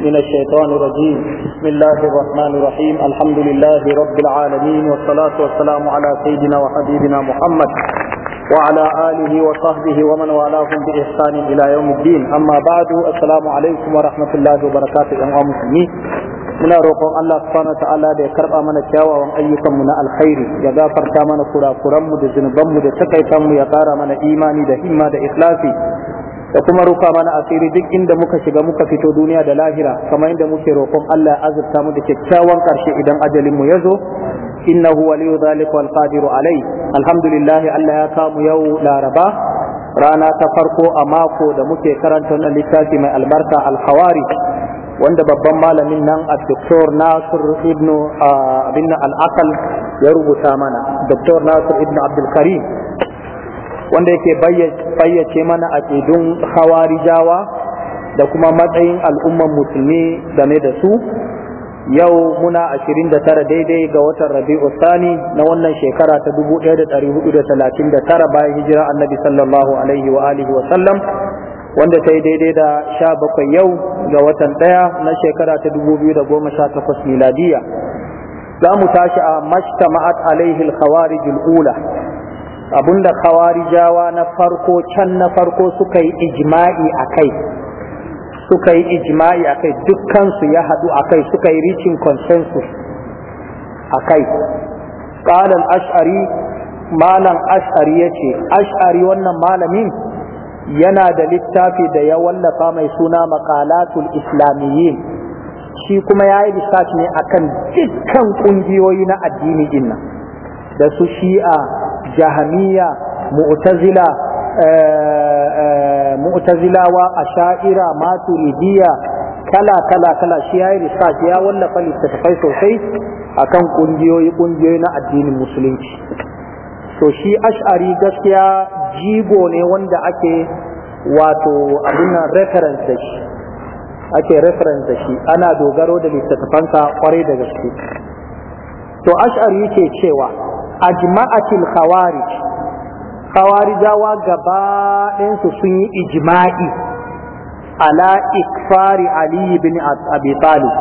من الشيطان الرجيم بسم الله الرحمن الرحيم الحمد لله رب العالمين والصلاة والسلام على سيدنا وحبيبنا محمد وعلى آله وصحبه ومن والاهم بإحسان إلى يوم الدين أما بعد السلام عليكم ورحمة الله وبركاته أيها المسلمين muna roƙon Allah subhanahu ta'ala da ya karɓa mana kyawawan ayyukanmu na alkhairi ya gafarta mana kurakuranmu da zunubanmu da takaita mu ya ƙara mana imani da himma da ikhlasi da kuma rufa mana asiri duk inda muka shiga muka fito duniya da lahira kamar inda muke roƙon Allah ya azurta mu da kyakkyawan ƙarshe idan ajalin mu ya zo innahu waliyu zalika wal qadiru alai alhamdulillah Allah ya kamu yau laraba rana ta farko a mako da muke karanta wannan littafi mai albarka al-hawari wanda babban malamin nan a doktor Nasir ibn ah, abin al-aqal ya rubuta mana doktor Nasir ibn Abdul Karim wanda yake bayyace mana cikin hawarijawa da kuma matsayin al'umman musulmi game da su yau muna 29 daidai ga watan rabi'u sani na wannan shekara ta 1439 bayan hijira annabi sallallahu alaihi wa alihi wa sallam wanda ta yi daidai da 17 yau ga watan ɗaya na shekara ta 2018 miladiya za mu tashi a mashtama'at alaihi al-khawarij ula abinda khawarijawa na farko can na farko suka yi ijma'i a kai suka yi ijma'i a kai dukkansu ya haɗu a kai suka yi reaching consensus a kai ƙalan ash'ari malam ash'ari ya ce ash'ari wannan malamin yana da littafi da ya wallafa mai suna maƙalatul islamiyyin shi kuma ya yi research ne akan dukkan ƙungiyoyi na addini dinnan da su shi'a jahamiya mu'tazila wa asha'ira maturidiya kala kala kala shi ya yi research ya wallafa littattafai sosai a kan kungiyoyi kungiyoyi na addinin musulunci to shi ash'ari gaskiya jigo ne wanda ake wato abin nan reference da shi ake reference da shi ana dogaro da littattafansa kwarai da gaske to ash'ari ke cewa ajma'atil khawarij khawarijawa gaba su sun yi ijma'i ala ikfari ali ibn abi talib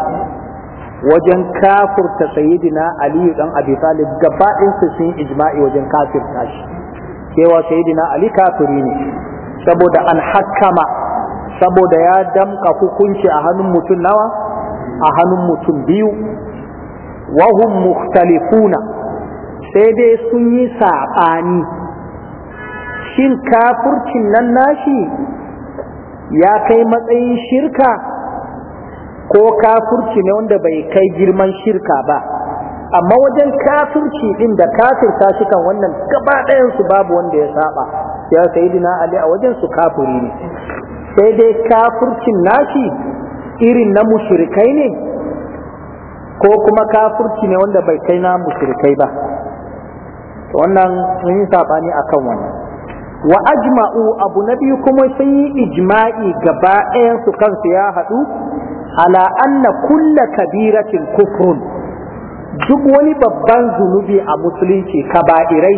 wajen kafurta sayyidina ali dan abi talib gaba su sun yi ijma'i wajen kafirta shi cewa sayyidina ali kafiri ne saboda an hakama saboda ya damka hukunci a hannun mutum nawa a hannun mutum biyu wahum mukhtalifuna sai dai sun yi saɓani shin kafurcin nan nashi ya kai matsayin shirka ko kafurci ne wanda bai kai girman shirka ba amma wajen kafurci din da kafirta shi kan wannan gaba su babu wanda ya saba ya dina ali a wajen su kafuri ne sai dai kafurcin nashi irin na mushrikai ne ko kuma kafurci ne wanda bai kai na mushrikai ba wannan sun yi sabani kan wannan wa ajma'u abu na biyu kuma sun yi ijma'i gaba ɗayansu kansu ya haɗu ala anna kulla kabiratin kufrun duk wani babban zunubi a musulunci kaba'irai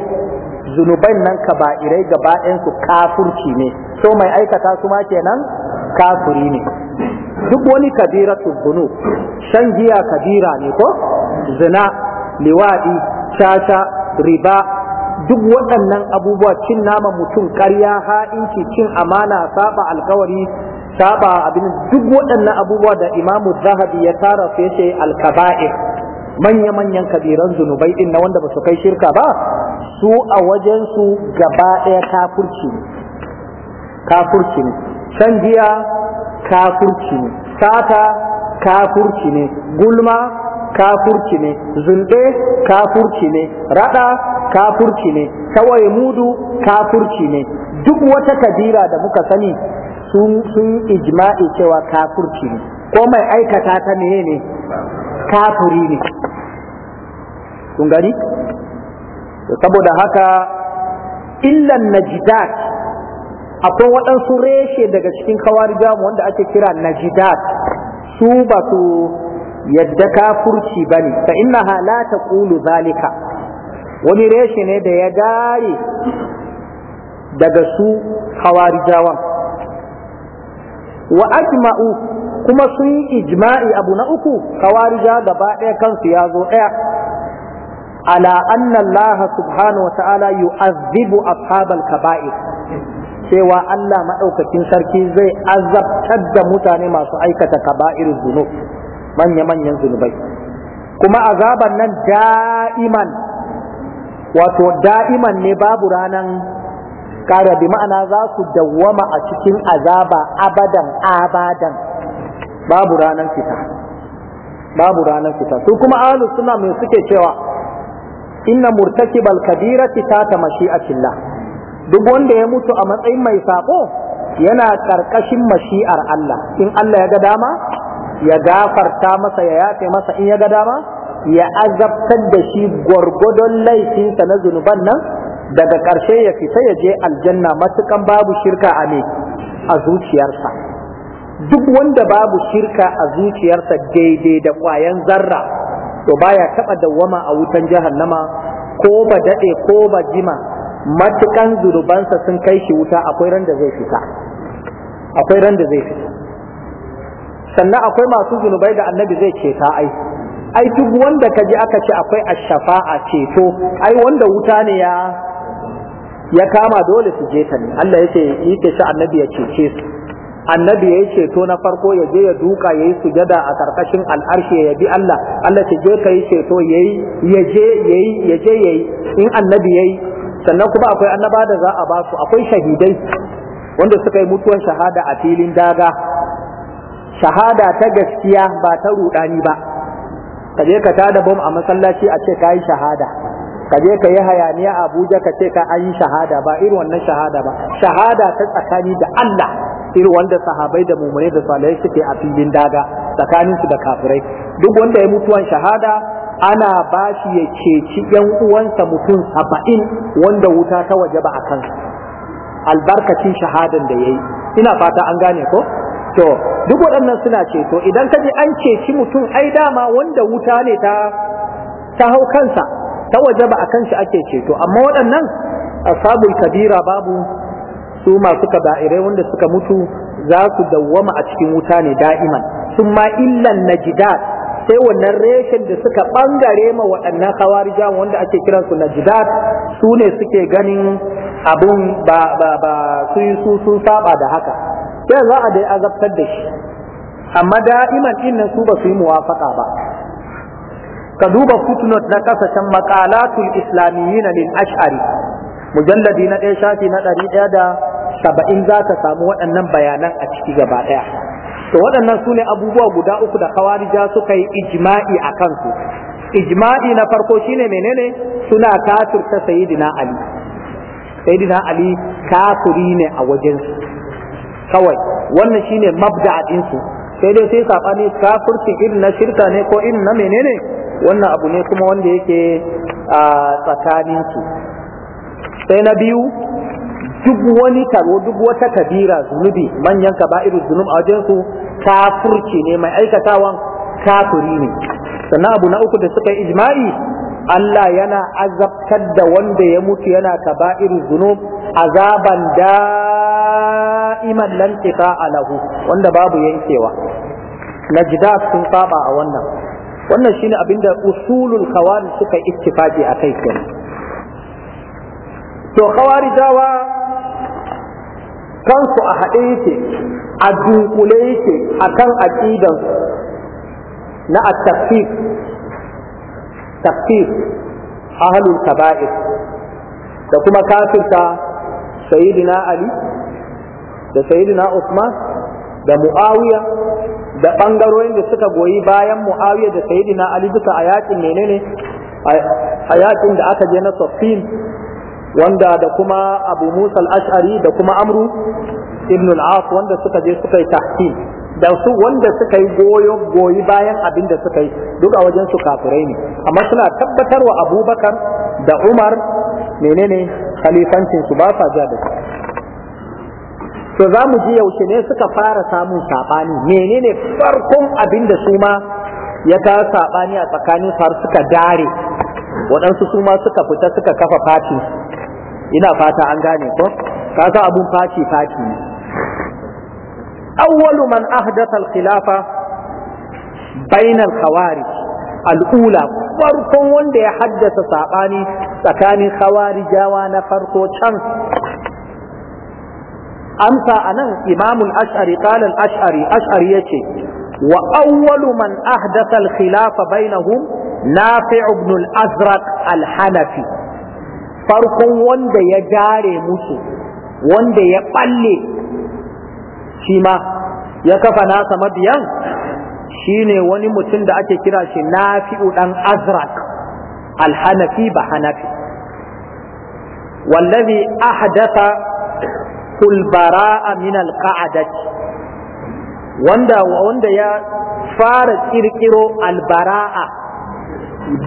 zunuban nan kaba'irai gaba ɗayansu kafurci ne so mai aikata su ma kenan kafuri ne duk wani kabiratul zunub shan giya kabira ne ko zina liwaɗi caca riba duk waɗannan abubuwa cin nama mutum ƙarya ha'inci cin amana saba alkawari saba abin duk waɗannan abubuwa da imamu zahabi ya tara su yace alkaba'ir manya-manyan kabiran zunubai din na wanda ba su kai shirka ba su a wajensu gaba ɗaya kafurci ne kafurci ne shan giya kafurci ne sata kafurci ne gulma kafurci ne zunde kafurci ne rada kafurci ne kawai mudu kafurci ne duk wata kadira da muka sani sun sun ijma'i cewa kafurci ne ko mai aikata ta ne ne kafuri ne kun gani saboda haka illan najidat akwai waɗansu reshe daga cikin kawar wanda ake kira najidat su ba su yadda kafurci bane fa innaha la taqulu zalika wani reshe ne da ya gare daga su hawarijawan wa ajma'u kuma sun yi ijma'i abu na uku hawarija gaba ɗaya kansu ya zo ɗaya ala anna Allah subhanahu wa ta'ala yu'azzibu ashabal kaba'ir cewa Allah maɗaukakin sarki zai azabtar da mutane masu aikata kaba'ir zunub manya-manyan zunubai kuma azaban nan da'iman wato da'iman ne babu ranan kara bi ma'ana za su dawwama a cikin azaba abadan abadan babu ranan fita babu ranan fita su kuma ahlu suna mai suke cewa inna murtakibal kadirati ta ta mashi'atillah duk wanda ya mutu a matsayin mai sako yana karkashin mashi'ar Allah in Allah ya ga dama ya gafarta masa ya yafe masa in ya ga dama ya azabtar da shi gwargwadon laifinsa na zunuban nan daga ƙarshe ya fita ya je aljanna matukan babu shirka a ne a zuciyarsa duk wanda babu shirka a zuciyarsa daidai da ƙwayan zarra to baya taɓa dawwama a wutan jahannama ko ba daɗe ko ba jima matukan zunubansa sun kai shi wuta akwai ran zai fita akwai ran da zai fita sannan akwai masu zunubai da annabi zai ceta ai ai duk wanda ka ji aka ce akwai ashafa'a ceto ai wanda wuta ne ya ya kama dole su je ta ne Allah yace yake shi annabi ya cece su annabi ya ceto na farko ya je ya duka ya yi sujada a karkashin al'arshi ya bi Allah Allah ce je ka yi ceto ya yi ya je ya ya je ya in annabi ya yi sannan kuma akwai annaba da za a ba su akwai shahidai wanda suka yi mutuwar shahada a filin daga shahada ta gaskiya ba ta rudani ba ka je ka tada bom a masallaci a ce ka shahada ka je ka yi hayaniya a Abuja ka ce ka ayi yi shahada ba irin wannan shahada ba shahada ta tsakani da Allah irin wanda sahabai da mumune da salihai suke a filin daga tsakanin su da kafirai duk wanda ya mutuwan shahada ana bashi ya ceci yan uwansa mutum saba'in wanda wuta ta waje ba akan albarkacin shahadan da yayi ina fata an gane ko to duk waɗannan suna ceto idan ka ji an ceci mutum ai dama wanda wuta ne ta ta hau kansa ta waje ba a kan shi ake ceto amma waɗannan ashabul kabira babu su masu kaba'irai wanda suka mutu za su dawwama a cikin wuta ne da'iman sun ma illan najidat sai wannan reshen da suka bangare ma waɗannan hawarijan wanda ake kiransu najidat su ne suke ganin abun ba ba ba sun saba da haka sai za a dai azabtar da shi amma da'iman din nan su ba su yi muwafaka ba ka duba footnote na kasashen maqalatul islamiyyin lil ash'ari mujalladi na ɗaya shafi na ɗari ɗaya da saba'in za ka samu waɗannan bayanan a ciki gaba ɗaya to waɗannan su ne abubuwa guda uku da kawarija suka yi ijma'i a kansu ijma'i na farko shine menene suna kafirta sayyidina ali sayyidina ali kafiri ne a wajensu kawai wannan shine mabda'a din su sai dai sai sabani kafirci irin na shirka ne ko irin na menene wannan abu ne kuma wanda yake a tsakanin su sai na biyu duk wani taro duk wata kabira zunubi manyan Kabairu zunub a wajen su kafirci ne mai aikatawan kafiri ne sannan abu na uku da suka yi ijma'i Allah yana azabtar da wanda ya mutu yana Kabairu zunub azaban da'iman lan a lahu wanda babu yankewa najdas sun saba a wannan wannan shine abinda usulul khawarij suka ittifaqi kai kenan to khawarijawa kansu a haɗe yake a dunkule yake akan aqidan na a tafsir tafsir ahlul kaba'ir da kuma kafirta sayyidina ali da sayyidina usman da muawiya da bangarorin da suka goyi bayan muawiya da sayyidina ali duka a yakin menene a yakin da aka je na safin wanda da kuma abu musa al-ash'ari da kuma amru ibn al-as wanda suka je suka yi da su wanda suka yi goyo goyi bayan abin da suka yi duk a wajen su kafirai ne amma suna tabbatar wa abubakar da umar menene khalifancin su ba sa ja da to za mu ji yaushe ne suka fara samun saɓani menene farkon abin da su ma ya kawo saɓani a tsakanin har suka dare waɗansu su ma suka fita suka kafa fati ina fata an gane ko kaga abun faci faci ne awwalu man ahdatha al-khilafa bayna al-khawarij al-ula farkon wanda ya haddasa saɓani tsakanin khawarijawa na farko can amsa a nan imamul ash'ari ƙalal ash'ari ash'ari ya ce wa awwalu man ahdasa al-khilafa bainahum nafi'u ibn al-azraq al-hanafi farkon wanda ya jare musu wanda ya balle shi ma ya kafa nasa mabiyan shine wani mutum da ake kira shi nafi'u dan azrak alhanafi ba hanafi wallazi ahdatha kulbara'a min alqa'adati wanda wanda ya fara kirkiro albara'a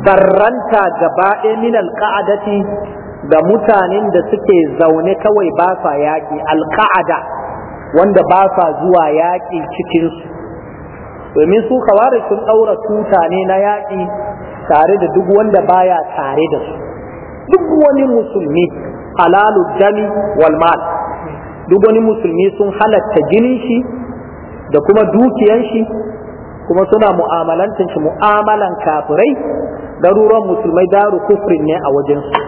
barranta gaba ɗaya min alqa'adati da mutanen da suke zaune kawai ba sa yaƙi alƙa'ada wanda ba sa zuwa yaƙi cikinsu domin su kawari sun daura tuta ne na yaƙi tare da duk wanda baya tare da su duk wani musulmi halalu dami wal mal duk wani musulmi sun halatta jinin shi da kuma dukiyan shi kuma suna mu'amalantar shi mu'amalan kafirai garuruwan musulmai daru kufrin ne a wajensu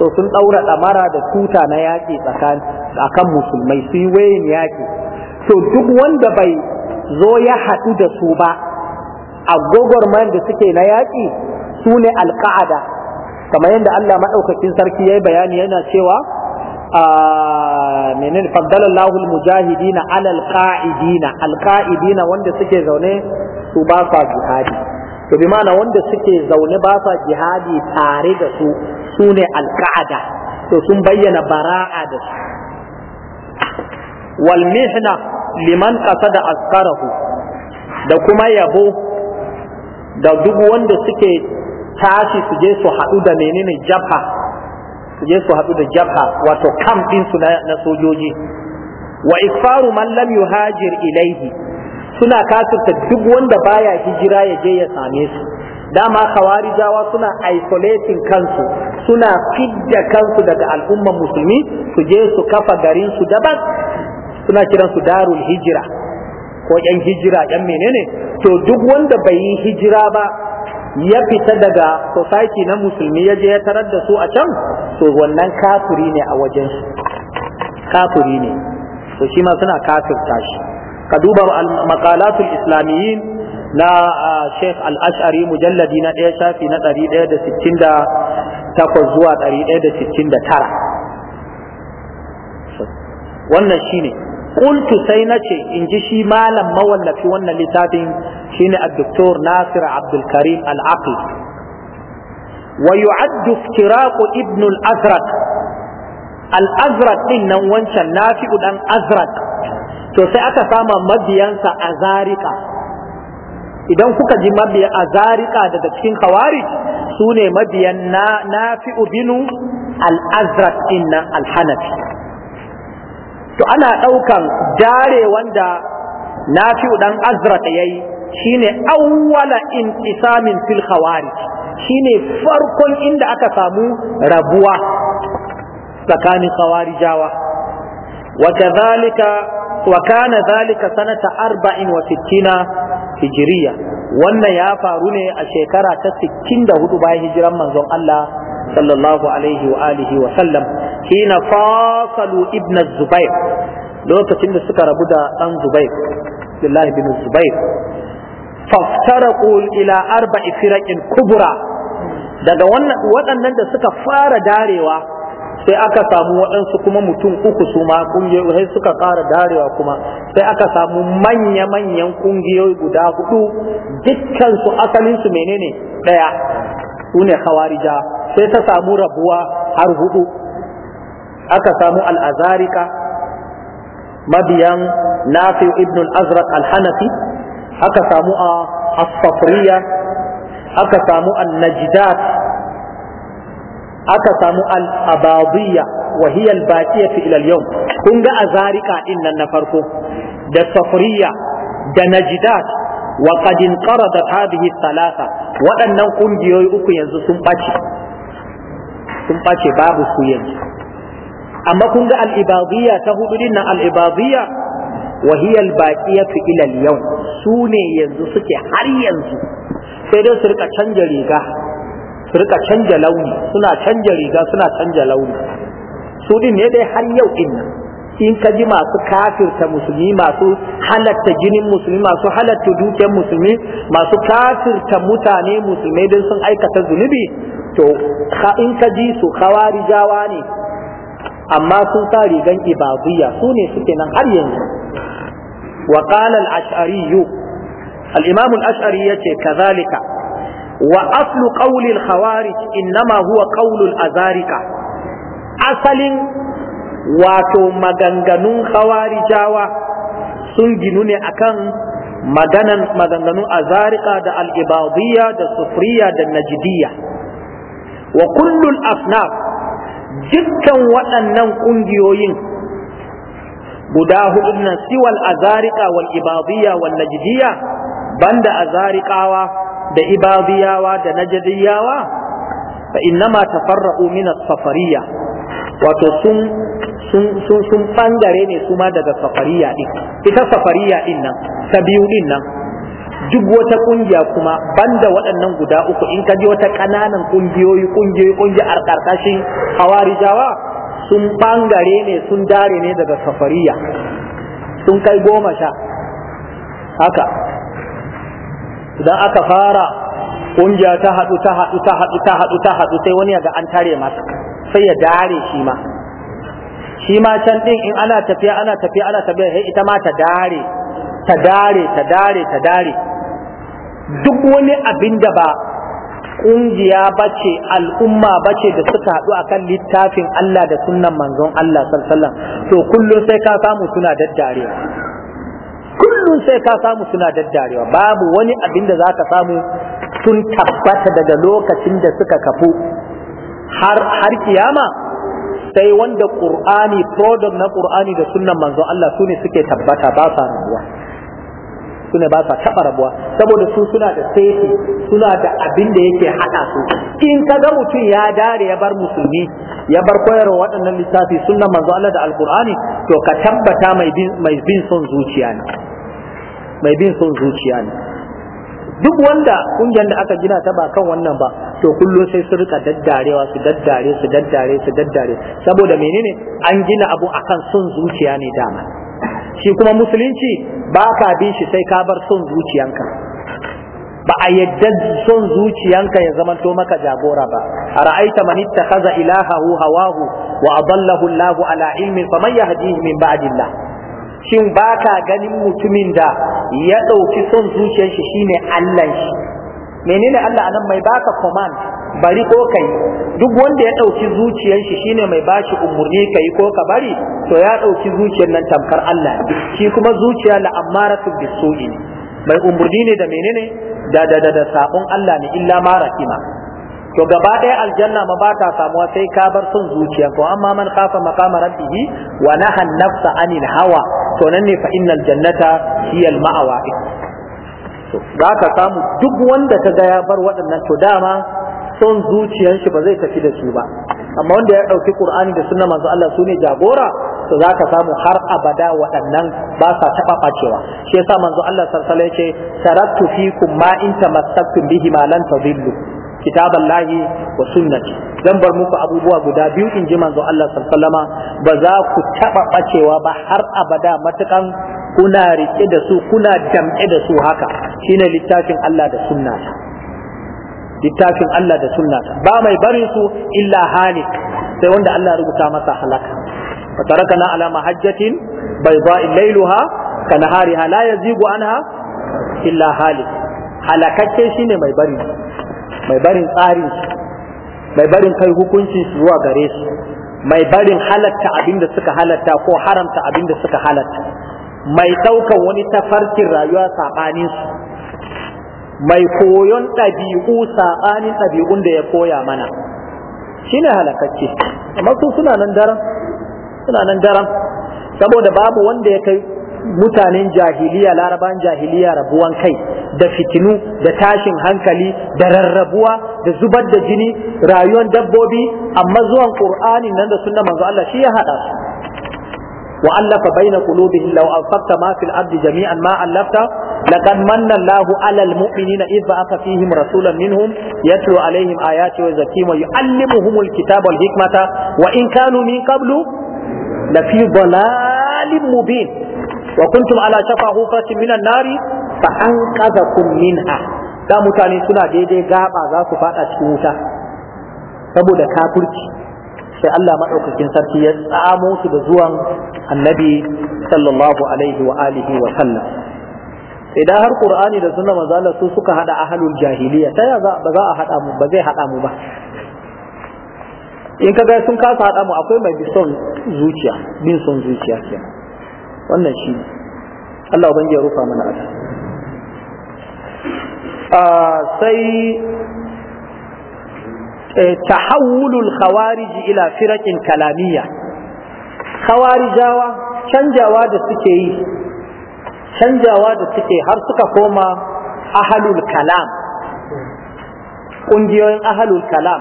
so sun daura ɗamara da tuta na yaƙi tsakan akan musulmai su yi wayin yaƙi so duk wanda bai zo ya haɗu da su ba a gogorman da suke na yaƙi su ne alƙa'ada kamar yadda Allah maɗaukakin sarki ya yi bayani yana cewa a ah, menene faddalallahu almujahidina alal qa'idina alqa'idina wanda suke zaune su ba sa jihadi to bi ma'ana wanda suke zaune ba sa jihadi tare da su su ne alqa'ada to sun bayyana bara'a da su wal mihna liman ƙasa da askarahu da kuma yabo da duk wanda suke tashi su je su haɗu da menene jafa su je su haɗu da jafa wato kam ɗinsu na sojoji wa isfaru man lam yuhajir ilaihi suna kasirta duk wanda baya hijira ya je ya same su dama khawarijawa suna isolating kansu suna fidda kansu daga al'ummar musulmi su je su kafa garin su daban suna su darul hijira ko yan hijira yan menene to duk wanda bai yi hijira ba ya fita daga society na musulmi ya je ya tarar da su a can to wannan kafuri ne a wajen su kafuri ne to shi ma suna kafirta shi ka duba maqalatul islamiyyin na Sheikh Al-Ash'ari mujalladi na ɗaya shafi na 168 zuwa 169 wannan shine Ƙultu sai nace in ji shi malam mawallafi wannan littafin shine ad-doktor Nasir Abdul Al-Aqil wa yu'addu iftiraq ibn al-Azraq al nan wancan Nafi'u dan Azraq to sai aka sama mabiyansa azarika idan kuka ji mabiya azarika da cikin khawarij sune mabiyan na Nafi'u binu al-Azraq din nan al to ana ɗaukan dare wanda ɗan dan ta yayi shine awwala isamin fil khawarij shine farkon inda aka samu rabuwa tsakanin khawarijawa wa kadhalika wa kana dhalika sanata 64 hijriya wannan ya faru ne a shekara ta 64 bayan hijiran manzon Allah sallallahu alaihi wa alihi wa sallam hina fasalu ibn zubair lokacin da suka rabu da dan zubair billahi bin zubair faftaraku ila arba'i firaqin kubra daga waɗannan da suka fara darewa sai aka samu waɗansu kuma mutum uku su ma sai suka ƙara darewa kuma sai aka samu manya-manyan ƙungiyoyi guda hudu dukkansu asalinsu menene ɗaya sune ne khawarija sai ta samu rabuwa har hudu aka samu al'azarika mabiyan nafi ibn al al-hanafi aka samu a aka samu al-najdat aka samu al-abadiyya wa hiya al-baqiya fi ila al-yawm kun ga azarika din na farko da safriya da najdat wa qad inqaradat hadhihi thalatha waɗannan kungiyoyi uku yanzu sun bace sun bace babu su yanzu amma kun ga al'ibaziyya ta hudu din nan al'ibadiyya wa hiya al-baqiyatu ila al-yawm sune yanzu suke har yanzu sai dai su rika canja riga su rika canja launi suna canja riga suna canja launi su din ne dai har yau din nan in ka ji masu kafirta musulmi masu halatta jinin musulmi masu halatta dukiyar musulmi masu kafirta mutane musulmai don sun aikata zunubi to in ka ji su kawari jawa ne amma sun sa rigan ibadiyya su ne suke nan har yanzu wa qala al Ash'ariyu al-imam al-ash'ari yace kazalika wa aslu ƙaulil al-khawarij innama huwa qawlu al-azarika asalin wato maganganun khawarijawa sun ginu ne akan maganan maganganun azarika da al-ibadiyya da sufriya da najdiyya wa kullu al-asnaf dukkan waɗannan ƙungiyoyin guda hudu na siwal azarika wal ibadiyya wal najdiyya banda azarikawa da ibadiyawa da najdiyawa fa innama tafarra'u min as-safariyya wato sun sun sun sun bangare ne kuma daga safariya din ita safariya din nan ta biyu din nan duk wata kungiya kuma banda waɗannan guda uku in ka je wata ƙananan kungiyoyi kungiyoyi kungiyar ƙarƙashin hawarijawa sun bangare ne sun dare ne daga safariya sun kai goma sha haka idan aka fara kungiya ta haɗu ta haɗu ta haɗu ta haɗu ta haɗu sai wani yaga an tare masa sai ya dare shi ma shi ma can ɗin in ana tafiya ana tafiya ana tafiya ita ma ta dare ta dare ta dare ta dare duk wani abin da ba ƙungiya ba ce al'umma ba ce da suka haɗu a kan littafin Allah da sunnan manzon Allah sallallahu to kullum sai ka samu suna daddarewa kullum sai ka samu suna daddarewa babu wani abin da za ka samu sun tabbata daga lokacin da suka kafu har har kiyama sai wanda qur'ani product na qur'ani da sunnan manzon Allah sune suke tabbata ba sa rabuwa Suna ne ba sa taɓa rabuwa saboda su suna da safety suna da abin da yake haɗa su in ka ga mutum ya dare ya bar musulmi ya bar koyarwa waɗannan lissafi, suna manzo Allah da alkur'ani to ka tabbata mai bin son zuciya ne mai bin son zuciya ne duk wanda kungiyar da aka gina ta ba kan wannan ba to kullum sai su rika daddarewa su daddare su daddare su daddare saboda menene an gina abu akan son zuciya ne dama shi kuma musulunci ba ka bi shi sai ka bar son zuciyanka ba a yadda son zuciyanka ya zamanto maka jagora ba a ra'aita man ittakhadha ilahahu hawahu wa adallahu Allah ala ilmin faman yahdihi min ba'dillah shin ba ka ganin mutumin da ya ɗauki son zuciyar shi shine Allah shi menene Allah anan mai baka command bari ko kai duk wanda ya ɗauki zuciyar shi shine mai bashi umurni kai ko ka bari to ya ɗauki zuciyar nan tamkar Allah shi kuma zuciya la ammaratu bisu'i mai umurni ne da menene da da da, da sabon Allah ne illa ma rahima to gaba ɗaya aljanna ma ba ta samuwa sai ka bar son zuciya to amma man khafa maqama rabbih wa nahan nafsa anil hawa to nan ne fa innal jannata hiya al ma'awa za ka samu duk wanda ta ga ya bar waɗannan to dama son zuciyar shi ba zai tafi da su ba amma wanda ya ɗauki Qur'ani da sunna manzo Allah sune jagora to zaka samu har abada waɗannan ba sa taɓa ɓacewa shi yasa manzo Allah sallallahu alaihi wasallam yace taraktu fikum ma in tamassaktum bihi ma lan tadillu kitaballahi wa sunnati zan bar muku abubuwa guda biyu in ji manzo Allah sallallahu ba za ku taɓa ɓacewa ba har abada matukan kuna rike da su kuna damƙe da su haka shine littafin Allah da sunnata littafin Allah da sunna ba mai barin su illa halik sai wanda Allah rubuta masa halaka na tarakana ala mahajjatin bayda'i lailuha ka nahariha la yazigu anha illa halik halakacce shine mai bari mai barin tsarin mai barin kai hukunci zuwa gare su mai barin halatta abinda suka halatta ko haramta abinda suka halatta mai daukan wani tafarkin rayuwa sabanin su mai koyon ɗabi'u saɓanin ɗabi'un da ya koya mana shine halakacce amma su suna nan daram suna nan daram saboda babu wanda ya kai mutanen jahiliya laraban jahiliya rabuwan kai da fitinu da tashin hankali da rarrabuwa da zubar da jini rayuwar dabbobi amma zuwan qur'ani nan da sunna manzo Allah shi ya hada su وألف بين قلوبهم لو أنفقت ما في الأرض جميعا ما ألفت لقد من الله على المؤمنين إذ بعث فيهم رسولا منهم يتلو عليهم آياته ويزكيهم ويعلمهم الكتاب والحكمة وإن كانوا من قبل لفي ضلال مبين وكنتم على شفا حفرة من النار فأنقذكم منها da mutane suna daidai gaba za su fada cikin wuta saboda kafirci sai Allah maɗaukakin sarki ya tsamo su da zuwan annabi sallallahu alaihi wa alihi wa sallam idan har qur'ani da sunna manzo su suka hada ahlul jahiliya ta ya ba za a hada mu ba zai hada mu ba in ka kaga sun kasa hada mu akwai mai son zuciya bin son zuciya kenan wannan shi Allah ubangiji ya rufa mana a ah, sai Eh, tahawulul khawariji ila firakin kalamiya khawarijawa canjawa da suke yi canjawa da suke har suka koma ahalul kalam ƙungiyoyin ahalul kalam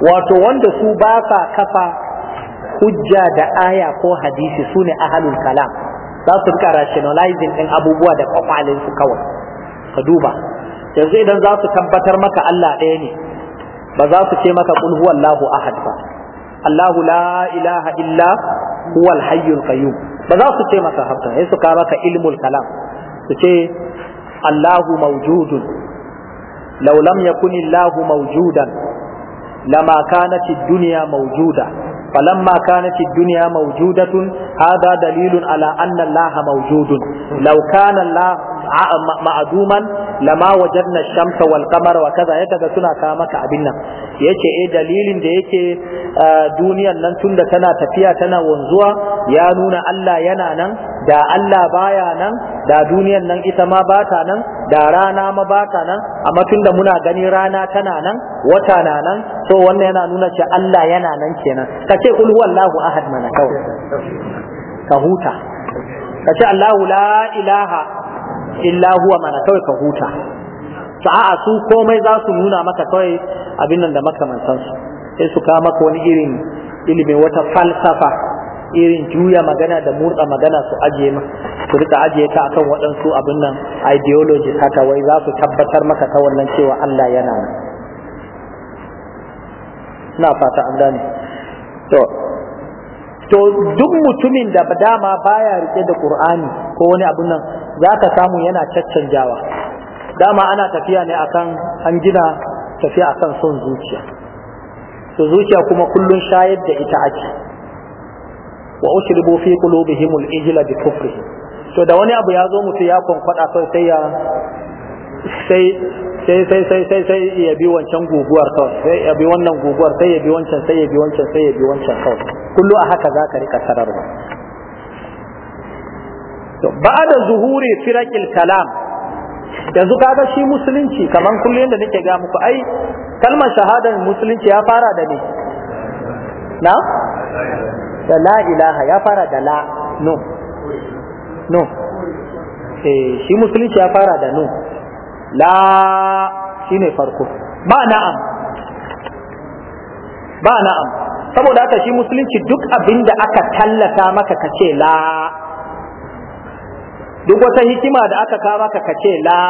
wato wanda su ba sa kafa hujja da aya ko hadisi su ne ahalul kalam za su rika rationalizing ɗin abubuwa da kwakwalinsu kawai ka duba yanzu idan za su tabbatar maka Allah ɗaya ne ba za su ce maka qul huwallahu ahad ba Allahu la ilaha illa huwal hayyul qayyum ba za su ce maka haka sai su ka maka ilmul kalam su ce Allahu mawjudun law lam yakun Allahu mawjudan lama kanat ad-dunya mawjuda falamma kanat ad-dunya mawjudatun hadha dalilun ala anna Allah mawjudun law kana Allah ma'aduman lama wajadna shamsa wal qamara wa kaza ya suna kawo maka abin nan yake eh dalilin da yake uh, duniyan nan tunda tana tafiya tana wanzuwa ya nuna Allah yana nan da Allah baya nan da duniyan nan ita ma ba ta nan da rana ma ba ta nan amma tunda muna gani rana tana nan wata na nan so wannan yana nuna cewa Allah yana nan kenan ce kul huwallahu ahad mana ka huta Ka ce Allahu la ilaha illa huwa mana kawai ka huta to a'a su komai za su nuna maka kawai abin nan da maka makamantan su sai su kawo maka wani irin ilimin wata falsafa irin juya magana da murda magana su ajiye ma su rika ajiye ta akan waɗansu abin nan ideology haka wai za su tabbatar maka ta wannan cewa Allah yana nan na fata an gane to to duk mutumin da dama baya rike da Qur'ani ko wani abin nan za ka samu yana caccanjawa dama ana tafiya ne akan an gina tafiya akan son zuciya to zuciya kuma kullun shayar da ita ake wa ushribu fi qulubihim al-ijla bi kufri to da wani abu ya zo mutu ya kwankwada kawai sai ya sai sai sai sai sai ya bi wancan guguwar kawai sai ya bi wannan guguwar sai ya bi wancan sai ya bi wancan sai ya bi wancan kawai kullu a haka za ka rika sararwa to da zuhuri firaqil kalam yanzu kaga shi musulunci kaman kullum yanda nake ga muku ai kalmar shahada musulunci ya fara da ne na da la ilaha ya fara da la no no eh shi musulunci ya fara da no la shine farko ba na'am ba na'am saboda haka shi musulunci duk abinda aka tallata maka kace la duk wata hikima da aka kawo maka ka ce la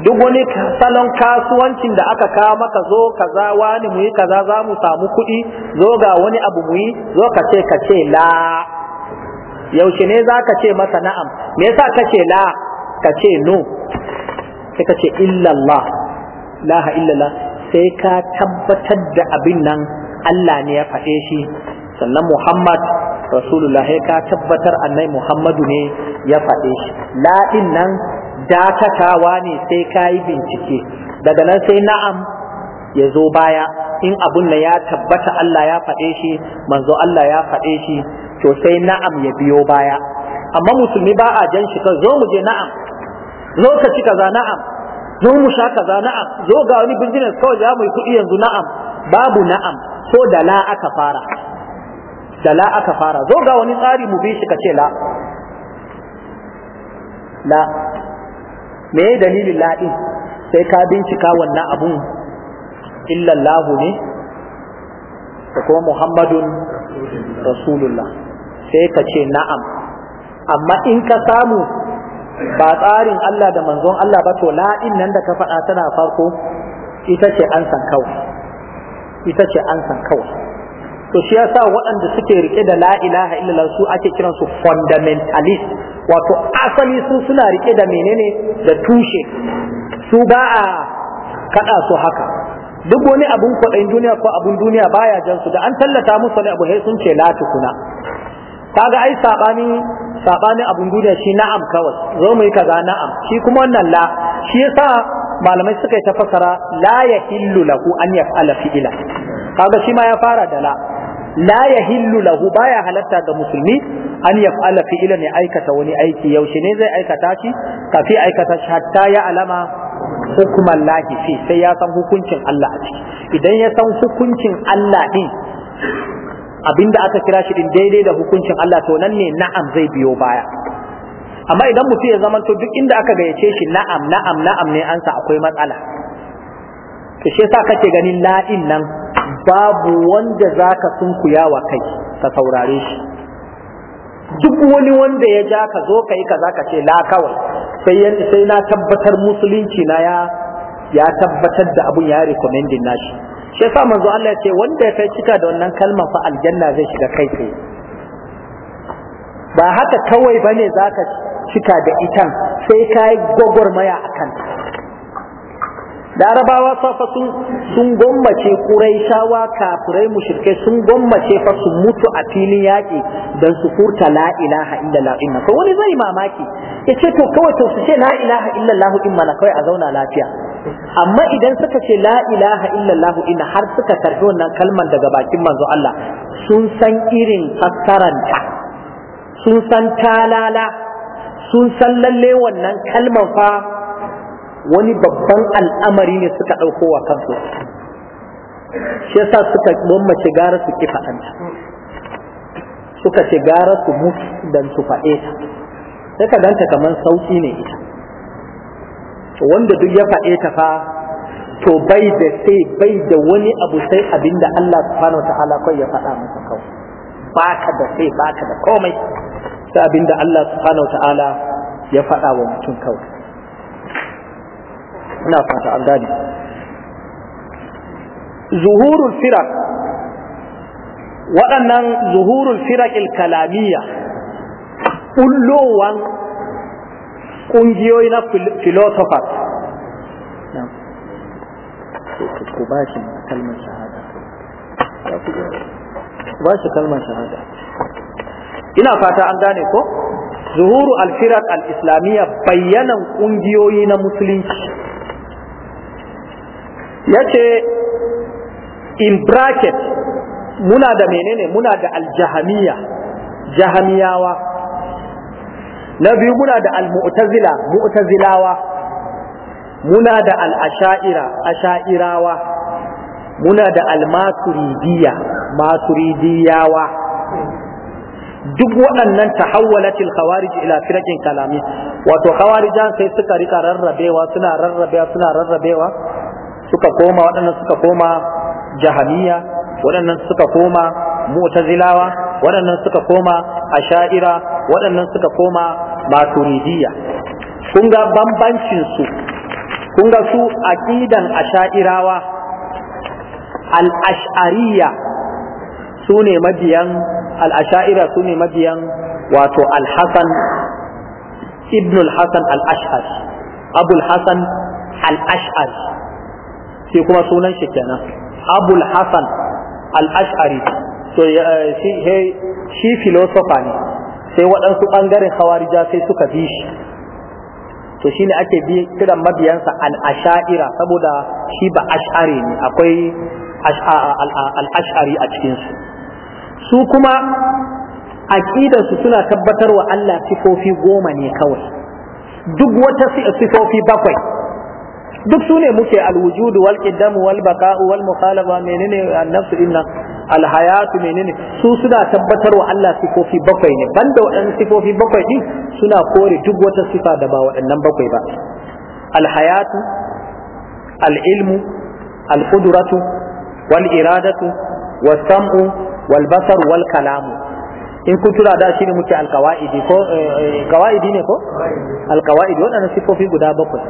duk wani salon kasuwancin da aka kawo maka zo kaza wani mu yi kaza za mu samu kuɗi zo ga wani abu mu yi zo ka ce ka ce la yaushe ne za ka ce masa na'am me yasa ka ce la ka ce no sai ka ce illallah illallah sai ka tabbatar da abin nan Allah ne ya faɗe shi sannan Muhammad rasulullah ya ka tabbatar annai muhammadu ne ya faɗe shi laɗin nan dakatawa ne sai ka yi bincike daga nan sai na'am ya zo baya in abun nan ya tabbata Allah ya faɗe shi manzo Allah ya faɗe shi to sai na'am ya biyo baya amma musulmi ba a jan shi kan zo mu je na'am lokaci kaza na'am zo mu sha kaza na'am zo ga wani business kawai za mu yi kuɗi yanzu na'am babu na'am so da la aka fara da la aka fara zo ga wani tsari mu bi shi ka ce la la me ya dalilin la'in sai ka bincika wannan abun illallahu ne da kuma muhammadun rasulullah sai ka ce na'am amma in ka samu ba tsarin Allah da manzon Allah ba to la'in nan da ka faɗa tana farko ita ce an san kawai ita ce an san kawai to shi yasa waɗanda suke rike da la'ilaha illallah su ake kiran su fundamentalist wato asali su suna rike da menene da tushe su ba a kaɗa su haka duk wani abun kwaɗayin duniya ko abun duniya baya jan su da an tallata musu wani abu sun ce la tukuna kaga ai sabani sabani abun duniya shi na'am kawai zo mu yi kaza na'am shi kuma wannan la shi yasa malamai suka yi ta fasara la yahillu lahu an yaf'ala fi'ila kaga shi ma ya fara da la la yahillu lahu baya halatta ga musulmi an yaf'ala ilan ya aikata wani aiki yaushe ne zai aikata shi kafi aikata shi hatta ya alama hukuman lahi fi sai ya san hukuncin Allah a ciki idan ya san hukuncin Allah din abinda aka kira shi din daidai da hukuncin Allah to nan ne na'am zai biyo baya amma idan mutum ya zama to duk inda aka gayyace shi na'am na'am na'am ne ansa akwai matsala to shi yasa kake ganin la'in nan babu wanda zaka ka sunkuya wa kai ka saurare shi duk wani wanda ya ja ka zo ka yi ka za ce la kawai sai na tabbatar musulunci na ya ya tabbatar da abun ya recommending nashi shi yasa manzo Allah ya ce wanda ya kai cika da wannan kalman fa aljanna zai shiga kai tsaye ba haka kawai bane zaka cika da itan sai kai maya akan larabawa fa sun sun gommace quraishawa kafirai mushrikai sun gommace fa su mutu a filin yaƙi dan su furta la ilaha illallah inna ko wani zai mamaki yace to kawai to su ce la ilaha illallah mana kawai a zauna lafiya amma idan suka ce la ilaha illallah inna har suka karbi wannan kalmar daga bakin manzo Allah sun san irin fassaranta sun san talala sun san lalle wannan kalmar fa wani babban al'amari ne suka ɗauko wa kansu shi yasa suka gwammace gara su ki faɗanta suka ce gara su mutu dan su faɗe ta sai ka ganta kamar sauƙi ne ita wanda duk ya faɗe ta fa to bai da sai bai da wani abu sai abinda Allah subhanahu ta'ala kai ya faɗa masa kawai baka da sai baka da komai sai abinda Allah subhanahu ta'ala ya faɗa wa mutum kawai ina fata an gane zuhurul firak waɗannan zuhurul firak kalamiya ɓullowan ƙungiyoyi na filosofas. ku ba shi kalmar shahada ba shi kalmar shahada ina fata an gane ko zuhuru al alfirat al-islamiyya bayyanan ƙungiyoyi na musulunci ya ce in bracket muna da menene muna da aljahamiya jahamiyawa na biyu muna da almu'tazila mu'tazilawa muna da al'asha'ira asha'irawa muna da almaturidiya maturidiyawa duk waɗannan tahawwalatil khawarij ila firaqin kalami wato khawarijan sai suka rika rarrabewa suna rarrabewa suna rarrabewa suka koma waɗannan suka koma jahamiya waɗannan suka koma mu'tazilawa waɗannan suka koma asha'ira waɗannan suka koma maturidiyya kun ga bambancin su kun ga su aqidan asha'irawa al-ash'ariyya sune mabiyan al-asha'ira sune mabiyan wato al-hasan ibn al-hasan al-ash'ari abu hasan al-ash'ari shi kuma sunan shi kenan abul hasan al-ash'ari to eh, shi filosofa ne sai waɗansu ɓangaren hawarija sai suka bi shi to shi ne ake bi kiran mabiyansa al-asha'ira saboda shi ba ash'ari ne akwai al-ash'ari a cikinsu su kuma aƙidarsu suna tabbatar wa Allah sifofi goma ne kawai duk wata sifofi bakwai duk su ne muke alwujudu, wal qidam wal baqa'u wal mukhalafa menene annafsu inna al hayatu menene su suna tabbatar wa Allah sifofi bakwai ne banda waɗannan sifofi bakwai din suna kore duk wata sifa da ba waɗannan bakwai ba al hayatu al ilmu al qudratu wal iradatu was sam'u wal basar wal kalamu in kun tura da shi ne muke alkawaidi ko kawaidi eh, eh, ne ko alkawaidi waɗannan sifofi guda bakwai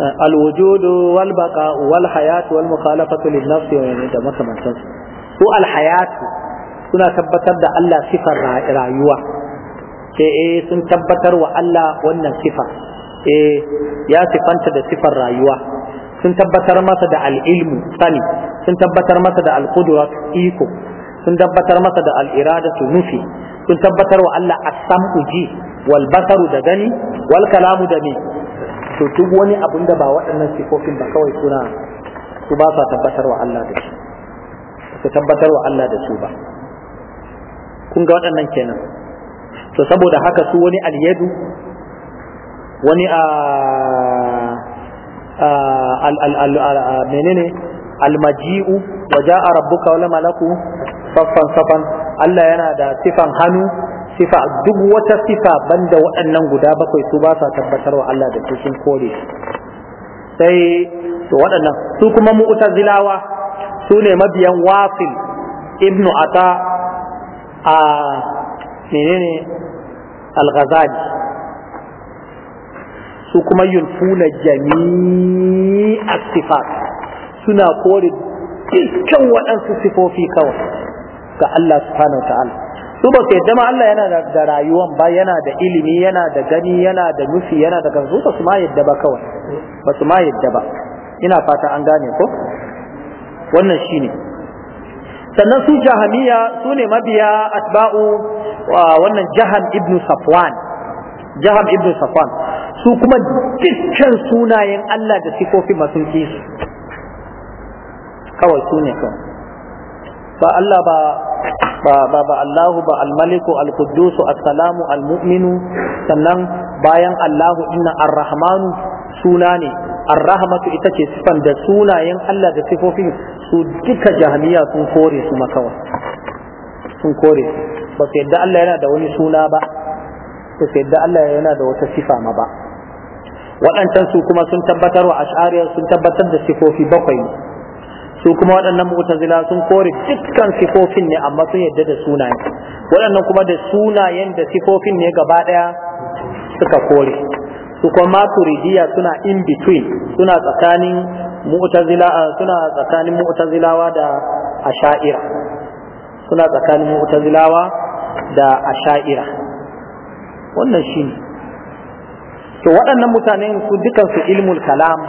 alwujudu wal baqa wal hayatu wal mukhalafatu lin nafsi da makamantan su al hayatu suna tabbatar da Allah sifar rayuwa ce eh sun tabbatar wa Allah wannan sifa eh ya sifanta da sifar rayuwa sun tabbatar masa da al-ilmu sun tabbatar masa da al-qudrat iko sun tabbatar masa da al nufi sun tabbatar wa Allah samu ji wal basaru da gani wal kalamu da ni to duk wani abin da ba waɗannan sifofin ba kawai suna su ba sa tabbatar Allah da su su tabbatar Allah da su ba kun ga waɗannan kenan to saboda haka su wani alyadu wani a menene almaji'u wa ja'a rabbuka wal malaku saffan saffan Allah yana da sifan hannu sifa duk wata sifa banda waɗannan guda bakwai su ba sa tabbatar wa Allah da su sun kore sai to waɗannan su kuma mu'tazilawa su ne mabiyan wasil ibnu ata a menene al-ghazali su kuma yulfuna jami'a sifat suna kore dukkan waɗansu sifofi kawai ga Allah subhanahu wa ta'ala su ba su yadda ma Allah yana da rayuwan ba yana da ilimi yana da gani yana da nufi yana da kansu ba su ma yadda ba kawai ba su ma yadda ba ina fata an gane ko wannan shi ne. sannan su jahamiya su ne mabiya atba'u wannan jaham ibnu safwan jaham ibnu safwan su kuma dukkan sunayen Allah da sifofi masu kawai su ne kawai ba Allah ba ba ba, ba Allahu ba al-maliku al-quddus as-salamu al-mu'minu sannan bayan Allahu inna ar-rahmanu suna ne ar-rahmatu ita ce sifan da sunayen Allah da sifofin su duka jahmiya sun kore su makawa sun kore ba su yadda Allah yana da wani suna ba ba su yadda Allah yana da wata sifa ma ba waɗancan su kuma sun tabbatar wa ash'ariyar sun tabbatar da sifofi bakwai su kuma waɗannan mu'tazila sun kore dukkan sifofin ne amma sun yadda da sunayen waɗannan kuma da sunayen da sifofin ne gaba ɗaya suka kore su kuma maturidiyya suna in between suna tsakanin mu'tazila suna tsakanin mu'tazilawa da asha'ira suna tsakanin mu'tazilawa da asha'ira wannan shine to waɗannan mutanen su dukansu ilmul kalam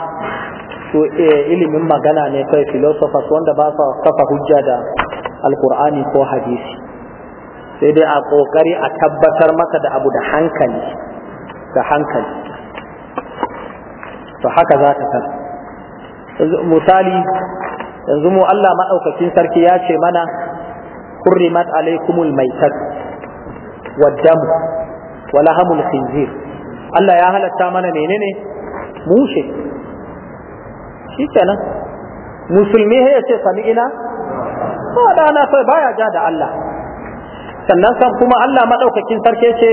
su eh, ilimin magana ne kai philosophers wanda ba su kafa hujja da alkur'ani ko hadisi sai dai a kokari a tabbatar maka da abu da hankali da hankali to haka za ta san misali yanzu mu Allah maɗaukakin sarki ya ce mana hurrimat alaikumul maitat waddam walahamul khinzir Allah ya halatta mana menene mushe shi kenan musulmi ya ce sami ina ba da na kai baya ja da Allah sannan kan kuma Allah madaukakin sarki ce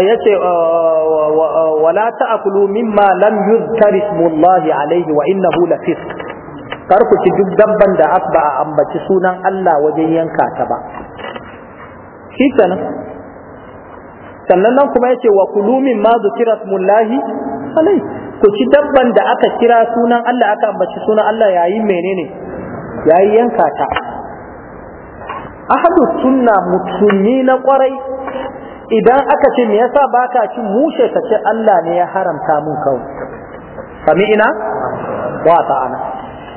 yace wala ta'kulu mimma lam yuzkar ismullahi alayhi wa innahu lafisq kar ku ci duk dabban da asba a ambaci sunan Allah wajen yanka ta ba shi kenan sannan nan kuma yace wa kulu mimma zukira ismullahi alayhi ku ci dabban da aka kira sunan Allah aka ambaci sunan Allah yayi menene yayi yanka ta ahadu sunna musulmi na kwarai idan aka ce me yasa baka ci, mushe ka ce Allah ne ya haramta mun kawai sami ina wa ta'ala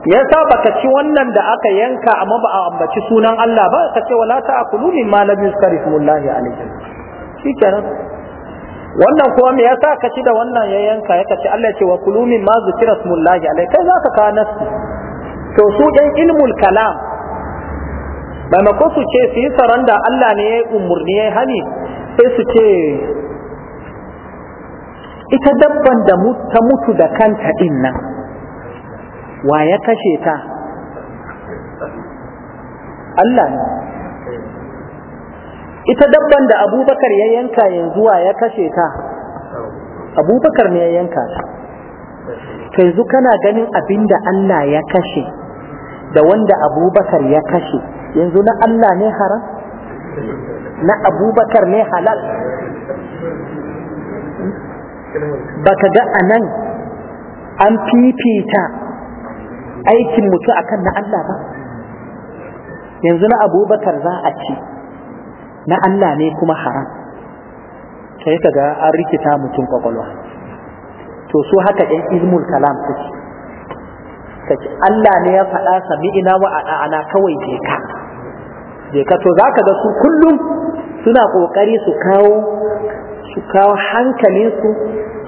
yasa baka ci wannan da aka yanka amma ba a ambaci sunan Allah ba ka ce wala ta'kulu mimma lam yuzkar ismullahi alayhi shikenan wannan kuma me yasa ka ci da wannan ya yanka ya kace Allah ya ce wa kulu min ma zikra smullahi alai kai za ka nafsi to su dan ilmul kalam maimakon su ce su yi saranda Allah ne ya yi umurni ya yi hani sai su ce ita dabban da ta mutu da kanta din nan wa ya kashe ta Allah ne ita dabban da abubakar ya yanka yanzu wa ya kashe ta abubakar ne ya yanka ta Ka yanzu kana ganin abinda Allah ya kashe da wanda abubakar ya kashe yanzu na Allah ne haram na abubakar ne halal baka ga anan an fifita aikin mutu akan na Allah ba yanzu na abubakar za a ci na Allah ne kuma haram sai ka an rikita mutum kwakwalwa to su haka ɗan ilmul kalam suke kace Allah ne ya faɗa sami'ina wa ana kawai je ka je ka to zaka ga su kullum suna kokari su kawo su kawo hankalinsu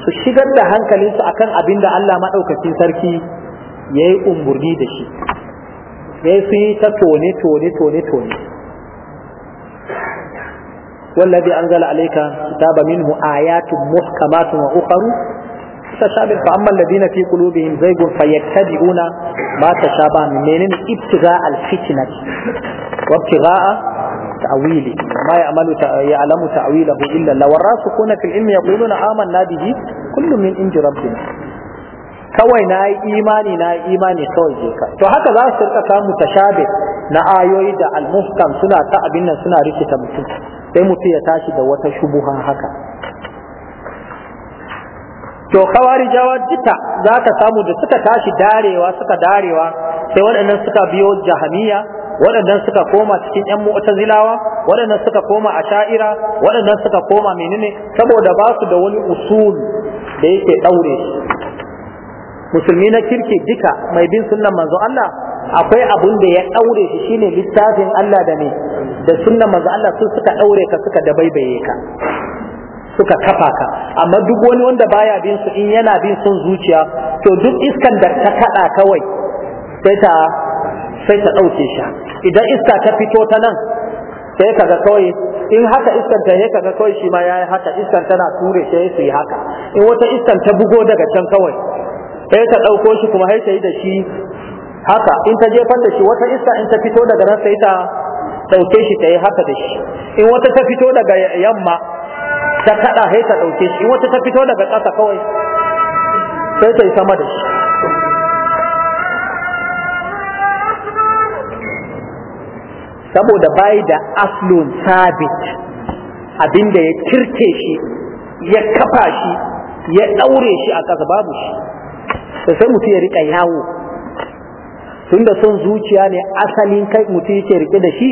su shigar da hankalin su akan abin da Allah maɗaukacin sarki yayi yi da shi ya yi ta tone tone tone tone والذي أنزل عليك كتاب منه آيات محكمات وأخر تشابه فأما الذين في قلوبهم زيغ فيتبعون ما تشابه من ابتغاء الفتنة وابتغاء تأويله ما يعمل يعلم تأويله إلا الله والراسخون في العلم يقولون آمنا به كل من عند ربنا kawai na yi imani na yi imani kawai je ka to haka za su rika samu tashabe na ayoyi da almuhkam suna ta abin nan suna rikita mutum sai mutum ya tashi da wata shubuha haka to kawari jawa jita za ka samu da suka tashi darewa suka darewa sai waɗannan suka biyo jahamiya waɗannan suka koma cikin ‘yan mu'tazilawa waɗannan suka koma a sha'ira waɗannan suka koma menene saboda ba su da wani usul da yake ɗaure musulmi na kirki duka mai bin sunnan manzo Allah akwai abun da ya daure shi shine littafin Allah da ne da sunnan manzo Allah su suka daure ka suka dabaibaye ka suka kafa ka amma duk wani wanda baya bin su in yana bin sun zuciya to duk iskan da ta kada kawai sai ta sai ta dauke shi idan iska ta fito ta nan sai kaga kawai in haka iskan ta yake kaga kawai shi ma yayi haka iskan tana ture sai su yi haka in wata iskan ta bugo daga can kawai sai ta dauko shi kuma sai ta yi da shi haka in ta jefar da shi wata iska in ta fito daga ran sai ta ɗauke shi ta yi haka da shi in wata ta fito daga yamma ta kada sai ta ɗauke shi in wata ta fito daga ƙasa kawai sai ta yi sama da shi saboda bai da aslun sabit abinda ya kirke shi ya kafa shi ya ɗaure shi a ƙasa babu shi sai mutum ya rika yawo tun da son zuciya ne asalin kai mutum yake rike da shi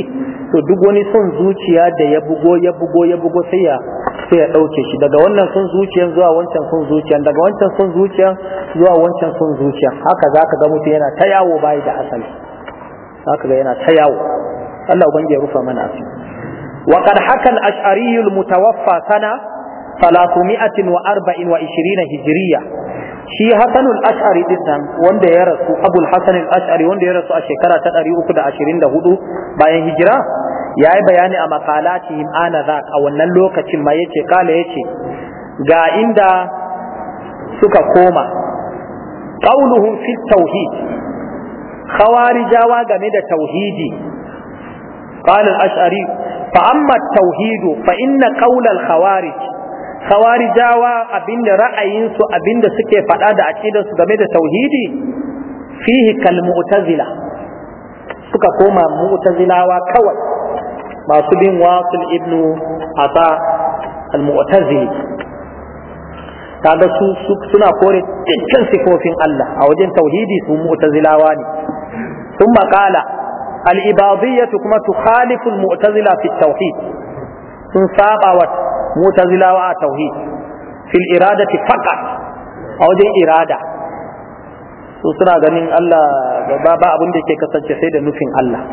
to duk wani son zuciya da ya bugo ya bugo ya bugo sai ya sai ya dauke shi daga wannan son zuciyan zuwa wancan son zuciyan daga wancan son zuciyan zuwa wancan son zuciyan haka zaka ga mutum yana ta yawo bai da asali haka ga yana ta yawo Allah ubangiji ya rufa mana asiri wa kad haka al-ash'ari al-mutawaffa sana 324 hijriya shi Hassan al-Ash'ari din nan wanda ya rasu Abu Hassan al-Ash'ari wanda ya rasu a shekara ta 324 bayan hijira ya yi bayani a makalatihim ana a wannan lokacin ma yace kala yace ga inda suka koma qauluhum fi tauhid khawarijawa game da tauhidi qala al-Ash'ari fa amma at-tauhid fa inna al-khawarij khawarijawa abinda ra'ayinsu abinda suke faɗa da aqidarsu game da tauhidi fihi kal suka koma mu'tazilawa kawai masu bin wasul ibnu asa al mu'tazili kaga su suna kore dukkan sifofin Allah a wajen tauhidi su mu'tazilawa ne Sun makala, ثم قال الإباضية كما تخالف المعتزلة في التوحيد sun saba wa mutazilawa a tauhid fil iradati faqat a wajen irada su suna ganin Allah ba ba abin da ke kasance sai da nufin Allah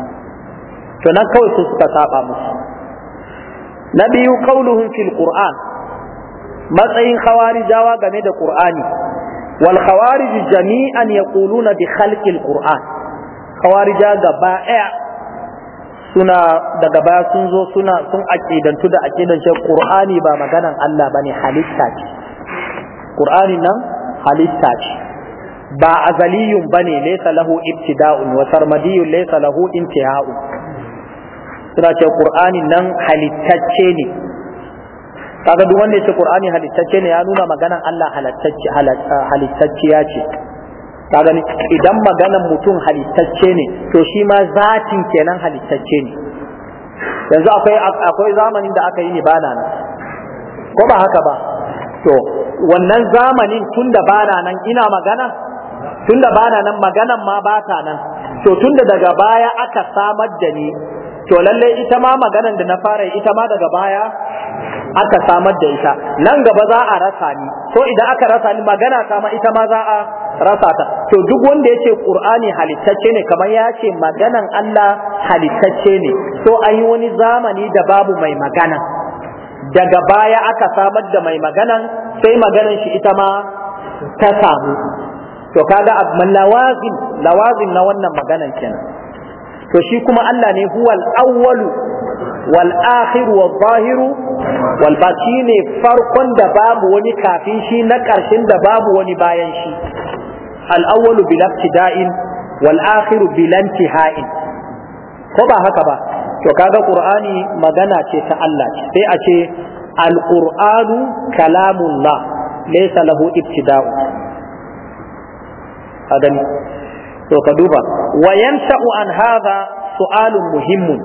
to nan kawai su suka saba musu na biyu qauluhum fil qur'an matsayin khawarijawa game da qur'ani wal khawarij jami'an yaquluna bi khalqil qur'an khawarija gaba daya suna daga baya sun zo suna sun aqidantu da aqidan shi qur'ani ba maganan Allah bane halitta ce qur'ani nan halitta ce ba azaliyun bane laysa lahu ibtida'un wa sarmadiyun laysa lahu intiha'un suna ce qur'ani nan halittacce ne kaga duk wanda ya ce qur'ani halittacce ne ya nuna maganan Allah halittacciya ce ka gani idan maganan mutum halittacce ne to shi ma zatin kenan halittacce ne yanzu akwai akwai zamanin da aka yi ni bana nan ko ba haka ba to wannan zamanin tunda bana nan ina magana tunda bana nan maganan ma bata nan to tunda daga baya aka samar da ni to lalle ita ma maganan da na fara ita ma daga baya aka samar da ita nan gaba za a rasa ni ko idan aka rasa ni magana ta ma ita ma za a rasa ta to duk wanda yace qur'ani halittacce ne kamar ya ce maganan Allah halittacce ne to an yi wani zamani da babu mai magana daga baya aka samar da mai maganan sai maganan shi ita ma ta samu to kaga abman lawazim lawazim na wannan maganan kenan to shi kuma Allah ne huwal awwalu wal akhir wal wal baqi ne farkon da babu wani kafin shi na karshen da babu wani bayan shi al'awwalu bila tida'in wal akhiru bila intiha'in ko ba haka ba to kaga qur'ani magana ce ta Allah ce sai a ce al'ƙur'anu qur'anu kalamullah laysa lahu ibtida'u a to ka duba wa yansha'u an hadha su'alun muhimmun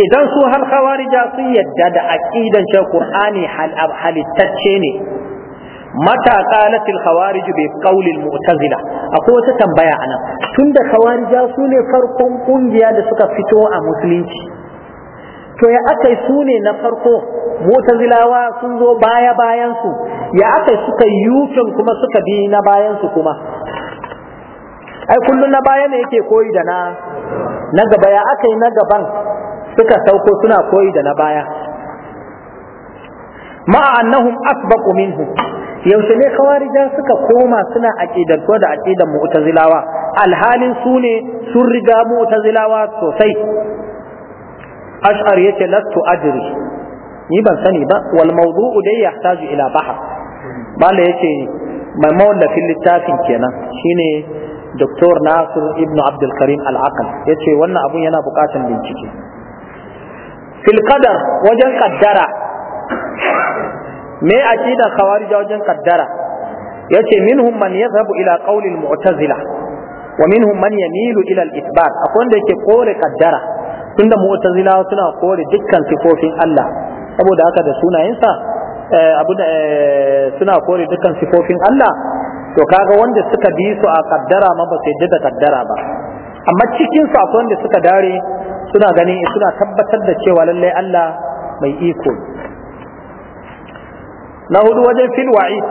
idan su har khawarija sun yadda da aqidan cewa qur'ani halittacce ne mata qalatil khawarij bi qawli mu'tazila akwai wata tambaya anan tunda khawarij su ne farkon kungiya da suka fito a musulunci to ya akai su ne na farko mu'tazilawa sun zo baya bayan su ya akai suka yufin kuma suka bi na bayan su kuma ai kullun na baya ne yake koyi da na na gaba ya akai na gaban suka sauko suna koyi da na baya ma'a annahum asbaqu minhu yaushe ne kawarija suka koma suna ko da aƙidar mu'tazilawa alhalin su ne sun riga mu'tazilawa sosai ash'ar yake lattu ajri ni ban sani ba wal mawdu'u dai yahtaju ila bahar bala yace mai mawallafin littafin kenan shine Dr. Nasir Ibn Abdul Karim Al-Aqal yace wannan abun yana bukatan bincike fil qadar wajen qaddara me aqida khawarij wajen kaddara yace minhum man yadhhabu ila qawli al wa minhum man yamilu ila al akwai wanda yake kore kaddara tunda mu'tazila suna kore dukkan sifofin Allah saboda haka da sunayensa eh, abu da eh, suna kore dukkan sifofin Allah to kaga wanda suka bi su a kaddara ma ba sai da kaddara ba amma cikin su akwai wanda suka dare suna ganin suna tabbatar da cewa lallai Allah mai iko na hudu wajen filwai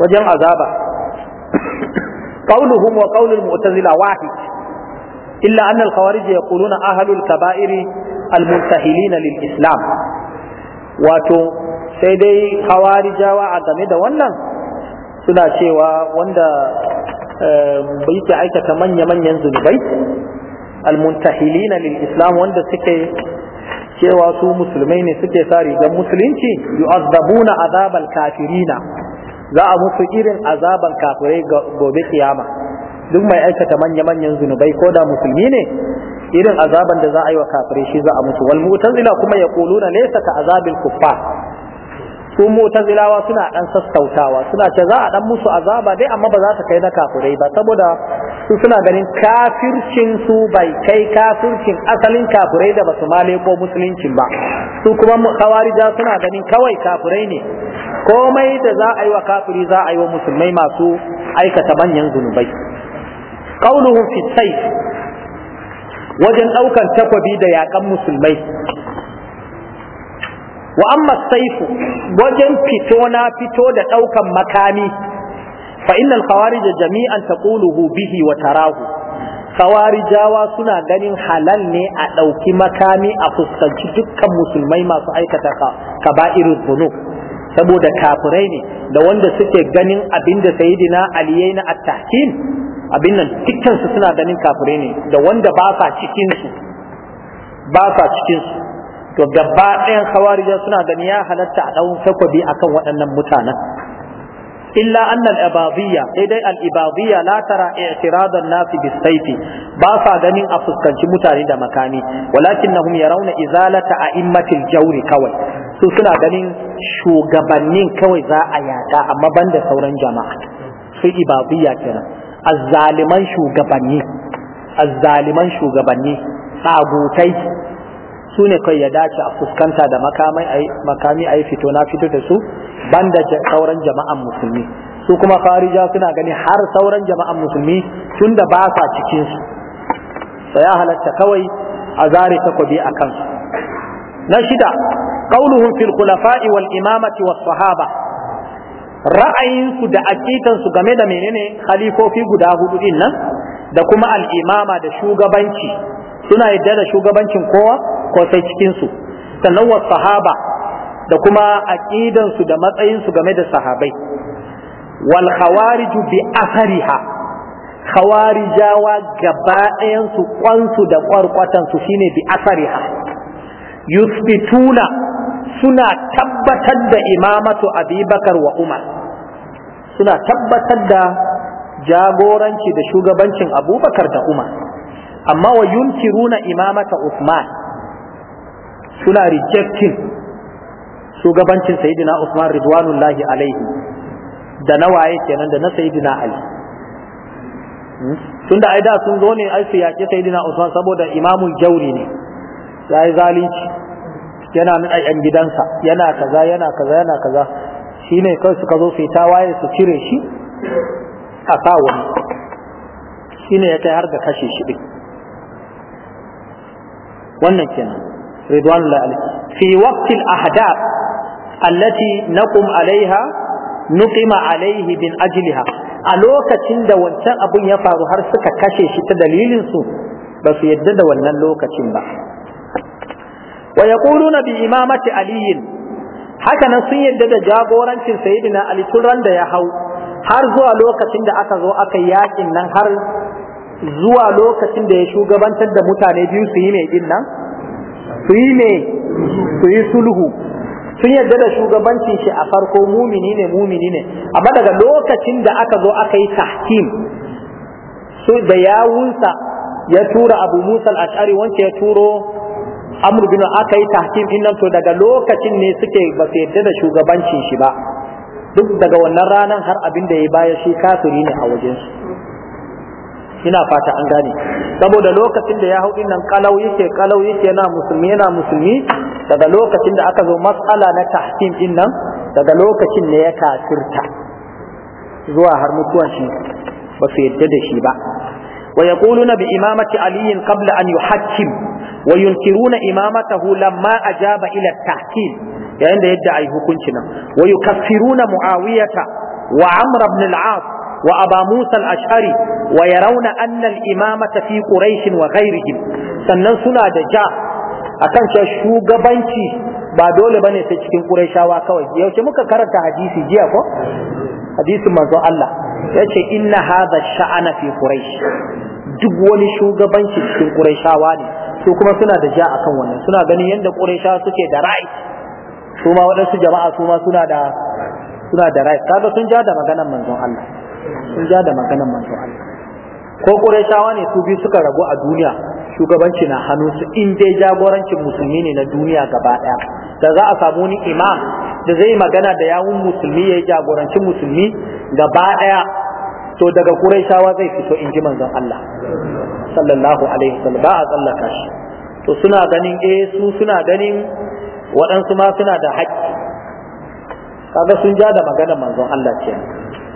wajen azaba qawluhum wa qawlul mu'tazila wahid illa anna al-khawarij yaquluna ahlul kaba'iri al-muntahilina lil islam wato sai dai khawarijawa a game da wannan suna cewa wanda ta eh, aikata manya-manyan zunubai almuntahilina lil islam wanda suke cewa su musulmai ne suke sa rigar musulunci yu'azzabuna azabal kafirina za a musu irin azaban kafirai gobe kiyama duk mai aikata manya-manyan zunubai ko da musulmi ne irin azaban da za a yi wa kafirai shi za a musu wal mu'tazila kuma ya kuluna laysa ka azabil kuffar su mu'tazilawa suna dan sassautawa suna ce za a dan musu azaba dai amma ba za ta kai na kafirai ba saboda su suna ganin kafircin su bai kai kafircin asalin kafurai da basu male ko musuluncin ba su kuma khawarija suna ganin kawai kafurai ne komai da za a yi wa kafiri za a yi wa musulmai masu aikata manyan zunubai qauluhum fi sayf wajen daukan takwabi da yakan musulmai wa amma saifu wajen fito na fito da daukan makami fa innal khawarij jami'an taquluhu bihi wa tarahu khawarijawa suna ganin halal ne a ɗauki makami a fuskanci dukkan musulmai masu aikata kaba'irul zunub saboda kafirai ne da wanda suke ganin abinda sayyidina ali na at-tahkim abin nan dukkan su suna ganin kafirai ne da wanda ba sa cikin su ba sa cikin su to gaba ɗayan khawarija suna ganin ya halatta a ɗawon takobi akan waɗannan mutanen illa annal ibadiyya sai dai al ibadiyya la tara i'tiradan nas bis ba sa ganin a fuskanci mutane da makami walakinnahum yarawna izalata a'immatil jawri kawai su suna ganin shugabannin kawai za a yaka amma banda sauran jama'a sai ibadiyya kenan azzaliman shugabanni azzaliman shugabanni tsagutai su ne kai ya dace a fuskanta da makami a fito na fito da su banda sauran jama'an musulmi su kuma farija suna gani har sauran jama'an musulmi tun da ba sa cikin su sai ya halatta kawai a zare takobi a kansu na shida qauluhum fil khulafa'i wal imamati was sahaba ra'ayinsu da akitansu game da menene khalifofi guda hudu din nan da kuma al imama da shugabanci suna yadda da shugabancin kowa ko sai cikin su sannan was sahaba da kuma aƙidansu da matsayinsu game da sahabai wal khawariju bi athariha khawarijawa gaba ɗayansu kwansu da ƙwarƙwatansu shine bi athariha yusbituna suna tabbatar da imamatu abubakar wa umar suna tabbatar da jagoranci da shugabancin abubakar da umar amma wa yunkiruna imamata usman suna rejecting shugabancin sayyidina Usman ridwanullahi alaihi da na waye kenan da na sayyidina Ali hmm? tun da da sun zo ne ai su yaƙi sayyidina Usman saboda imamul jauri ne yayi zalunci yana nan a gidansa yana kaza yana kaza yana kaza shine kai suka zo fita waye su cire shi a sa shine ya kai har da kashe shi din wannan kenan ridwanullahi alaihi fi waqtil ahdab allati naqum alaiha nuqima alaihi bin ajliha a lokacin da wancan abun ya faru har suka kashe shi ta dalilin su ba su yadda da wannan lokacin ba wa yaquluna bi imamati aliyin haka nan sun yadda da jagorancin sayyidina ali tun ran da ya hau har zuwa lokacin da aka zo aka yakin nan har zuwa lokacin da ya shugabantar da mutane biyu su yi mai din nan su yi mai su yi sulhu sun yarda da shugabancin shi a farko mumini ne mumini ne amma daga lokacin da aka zo aka yi tahkim su da yawunsa ya tura abu musa al'ashari ashari wance ya turo amur bin aka yi tahkim din to daga lokacin ne suke ba su yarda da shugabancin shi ba duk daga wannan ranar har abin da ya baya shi kafiri ne a wajen ina fata an gane saboda lokacin da ya hau innan kalau yake kalau yake yana musulmi yana musulmi daga lokacin da aka zo matsala na tahkim din nan daga lokacin ne ya kafirta zuwa har mutuwan shi ba su yadda da shi ba wa yaquluna bi imamati ali qabla an yuhakkim wa yunkiruna imamatahu lamma ajaba ila tahkim yayin da yadda ai hukunci nan wa yukaffiruna muawiyata wa amr ibn al-as وأبا موسى الأشعري ويرون أن wa في قريش sannan suna da ja akan cewa shugabanci ba dole bane sai cikin Qurayshawa kawai yaushe muka karanta hadisi jiya ko hadisin manzo Allah yace inna hadha sha'ana fi Quraysh duk wani shugabanci cikin Qurayshawa ne su kuma suna da ja akan wannan suna ganin yadda Qurayshawa suke da ra'ayi su ma wadansu jama'a su ma suna da suna da ra'ayi kaga sun ja da maganar manzo Allah sun ja da maganar manzo Allah ko Qurayshawa ne su bi suka rabu a duniya shugabanci na hannu su in dai jagorancin musulmi ne na duniya gaba ɗaya da za a samu ni imam da zai magana da yawun musulmi ya yi jagorancin musulmi gaba ɗaya to daga Qurayshawa zai fito in ji manzon Allah sallallahu alaihi wasallam ba a tsallaka shi to suna ganin eh su suna ganin waɗansu ma suna da haƙƙi kaga sun ja da maganar manzon Allah ce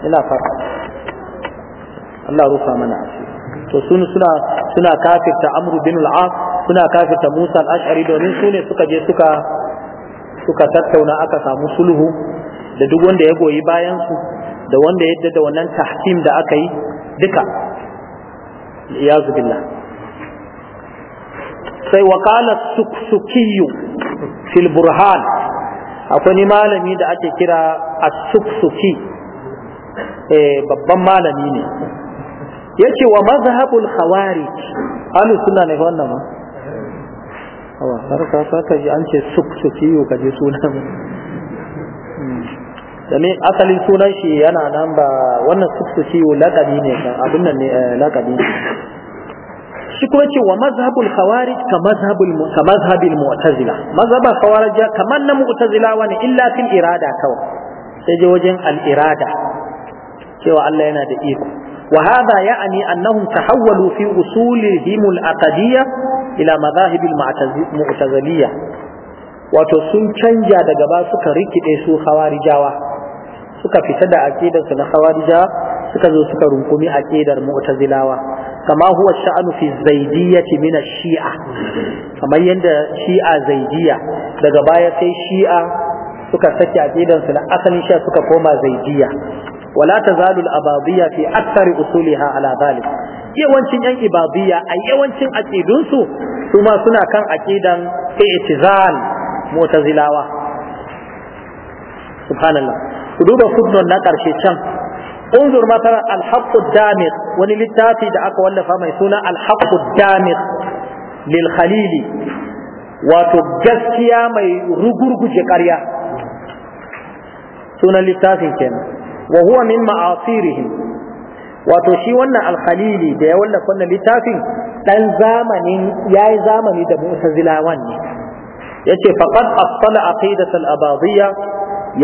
ina fata Allah rufa mana asiri to sun suna suna kafirta amru bin al-as suna kafirta musa al-ash'ari domin su suka je suka suka tattauna aka samu sulhu da duk wanda ya goyi bayan su da wanda yadda da wannan tahkim da aka yi duka iyazu billah sai wakalar suksukiyu fil burhan akwai ni malami da ake kira as-suksuki eh, babban malami ne yace wa mazhabul khawarij ahli sunna ne wannan ba awa har ka saka ji an ce suk sukiyo ka ji sunan hmm. dani asalin sunan shi yana nan ba wannan suk sukiyo laqabi ne kan abin nan ne eh, laqabi shi kuma ce wa mazhabul khawarij ka mazhabul ka mazhabil mu'tazila mazhabul khawarij kaman na mu'tazila wani illa fil irada kawai sai je wajen al irada cewa Allah yana da iko وهذا يعني أنهم تحولوا في أصولهم العقدية إلى مذاهب المعتزلية وتسن تنجا دقبا سكا ريكي ديسو خوارجاوة سكا في سدى أكيدا سنة خوارجاوة سكا زو سكا رنكمي أكيدا المعتزلاوة كما هو الشأن في الزيدية من الشيعة كما يند شيعة زيدية دقبا يسي شيعة سكا سكي أكيدا سنة أصل شيعة سكا كوما زيدية wala tazalu al-abadiyya fi akthari usuliha ala dhalik yawancin yan ibadiyya a yawancin aƙidunsu, su ma suna kan aƙidan i'tizal mu'tazilawa subhanallah ku duba footnote na karshe can damir wani littafi da aka wallafa mai suna يسونا damir lil للخليل wato gaskiya mai rugurguje ƙarya sunan littafin kenan wa huwa min ma'asirihim wato shi wannan alkhalili da ya wallafa wannan littafin dan zamanin yayi zamani da mu'tazilawan ne yace faqad asala aqidat al-abadiyya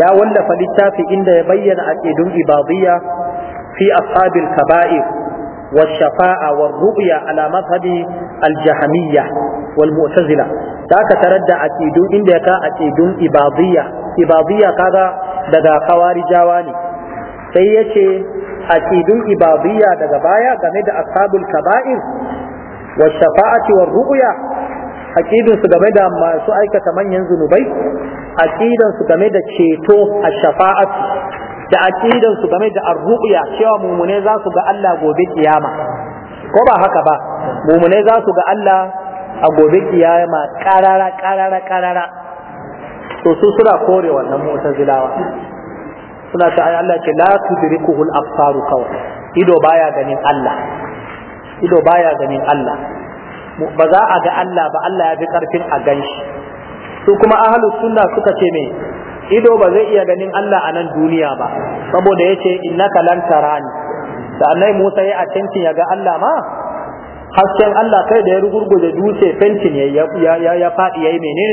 ya wallafa littafi inda ya bayyana aqidun ibadiyya fi ashabil kaba'ir والشفاعة والرؤية على مذهب الجهمية والمعتزلة ذاك تردى أتيدون إن ديكا أتيدون kaga daga كذا ددا خوارجاواني sai ya ce aqidun ibadiyya daga baya game da ashabul kaba'ir wa shafa'ati wa ru'ya aqidun su game da masu aikata manyan zunubai aqidun su game da ceto a shafa'ati da aqidun su game da ar-ru'ya cewa mumune za su ga Allah gobe kiyama ko ba haka ba mumune za su ga Allah a gobe kiyama karara karara karara to su suna kore wannan mutazilawa suna ta ayi Allah ce la tudrikuhu al-absaru kawai ido baya ganin Allah ido baya ganin Allah ba za a ga Allah ba Allah ya fi karfin a ganshi su kuma ahlus sunna suka ce me ido ba zai iya ganin Allah a nan duniya ba saboda yace innaka lan tarani da annai Musa ya atinci ya ga Allah ma hasken Allah kai da ya rugurguje dutse fentin ya ya ya fadi yayi menene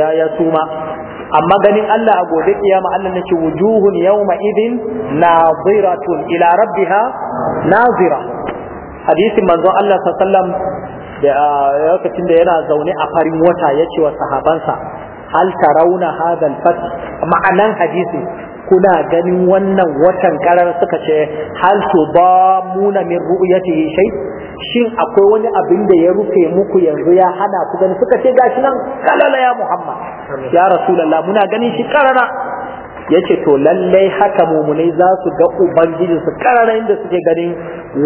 ya ya suma amma ganin Allah a gobe kiyama Allah nake wujuhun yawma idin naziratun ila rabbiha nazira hadisin manzo Allah sallallahu da lokacin da yana zaune a farin wata yace wa sahabansa hal tarawna hadha al-fath ma'anan hadisi kuna ganin wannan watan karar suka ce hal tubamuna min ru'yatihi shay' shin akwai wani abin da ya rufe muku yanzu ya hana ku gani suka ce gashi nan kalala ya Muhammad ya Rasulullah muna ganin shi karara yace to lallai haka mumunai za su ga ubangiji su karara inda suke ganin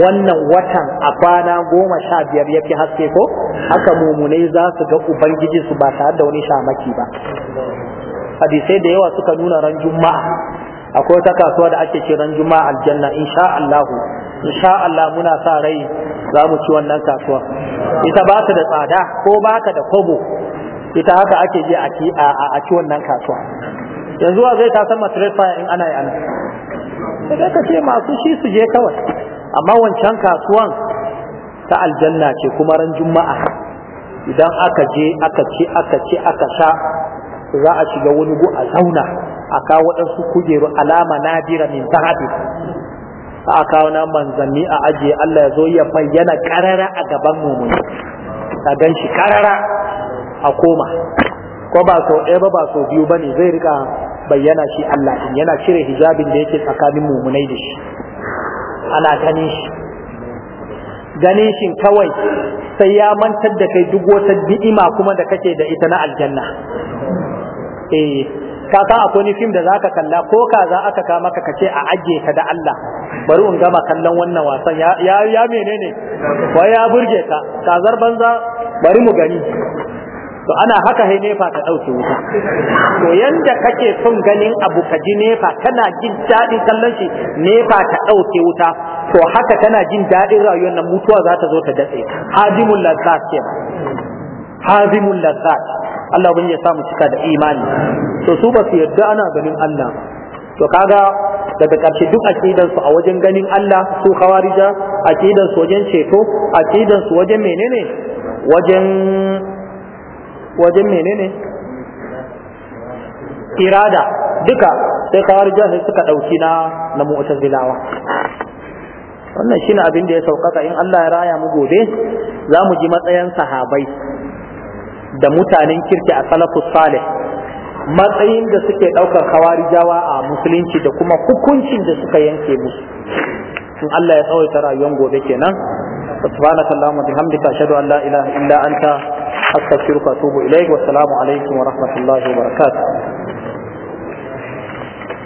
wannan watan a kwana goma sha biyar yake haske ko haka mumunai za su ga ubangiji su ba tare da wani shamaki ba hadisai da yawa suka nuna ran juma'a akwai wata kasuwa da ake ce ran juma'a aljanna insha Allah insha Allah muna sa rai za mu ci wannan kasuwa ita ba ta da tsada ko ba ta da kobo ita haka ake je a ci wannan kasuwa yanzu wa zai ta san material fire in ana yi ana sai ka ce masu shi su je kawai amma wancan kasuwan ta aljanna ce kuma ran juma'a idan aka je aka ci aka ci aka sha za a shiga wani gu a zauna a kawo waɗansu kujeru alama nadira min zahabi a kawo na manzanni a ajiye Allah ya zo ya bayyana karara a gaban mumuni a gan shi karara a koma ko ba so ɗaya ba ba so biyu ba ne zai rika bayyana shi Allah in yana cire hijabin da yake tsakanin mumunai da shi ana ganin shi ganin shi kawai sai ya mantar da kai duk wata ni'ima kuma da kake da ita na aljanna eh ka san akwai ni fim da zaka kalla ko ka za aka ka maka kace a aje ka da Allah bari in gama kallon wannan wasan ya ya menene ko ya burge ka Ka zar banza bari mu gani to ana haka he nefa ta dauke wuta to yanda kake son ganin abu ka ji nefa kana jin dadi kallon shi nefa ta dauke wuta to haka kana jin dadi rayuwar nan mutuwa za ta zo ta datse hadimul lazzat hadimul lazzat Allah ubangiji ya sa mu cika da imani to su ba su yarda ana ganin Allah to kaga daga ƙarshe duk aqidan su a wajen ganin Allah su khawarija aqidan su wajen ceto aqidan su wajen menene wajen wajen menene irada duka sai khawarija sai suka dauki na na mu'tazilawa wannan shine abin da ya saukaka in Allah ya raya mu gobe za mu ji matsayin sahabai da mutanen kirki a salafus salih matsayin da suke ɗaukar khawarijawa a musulunci da kuma hukuncin da suka yanke musu in Allah ya tsawaita rayuwar gobe kenan subhanaka allahumma bihamdika ashhadu an la ilaha illa anta astaghfiruka wa atubu ilaik wa assalamu alaikum wa rahmatullahi wa barakatuh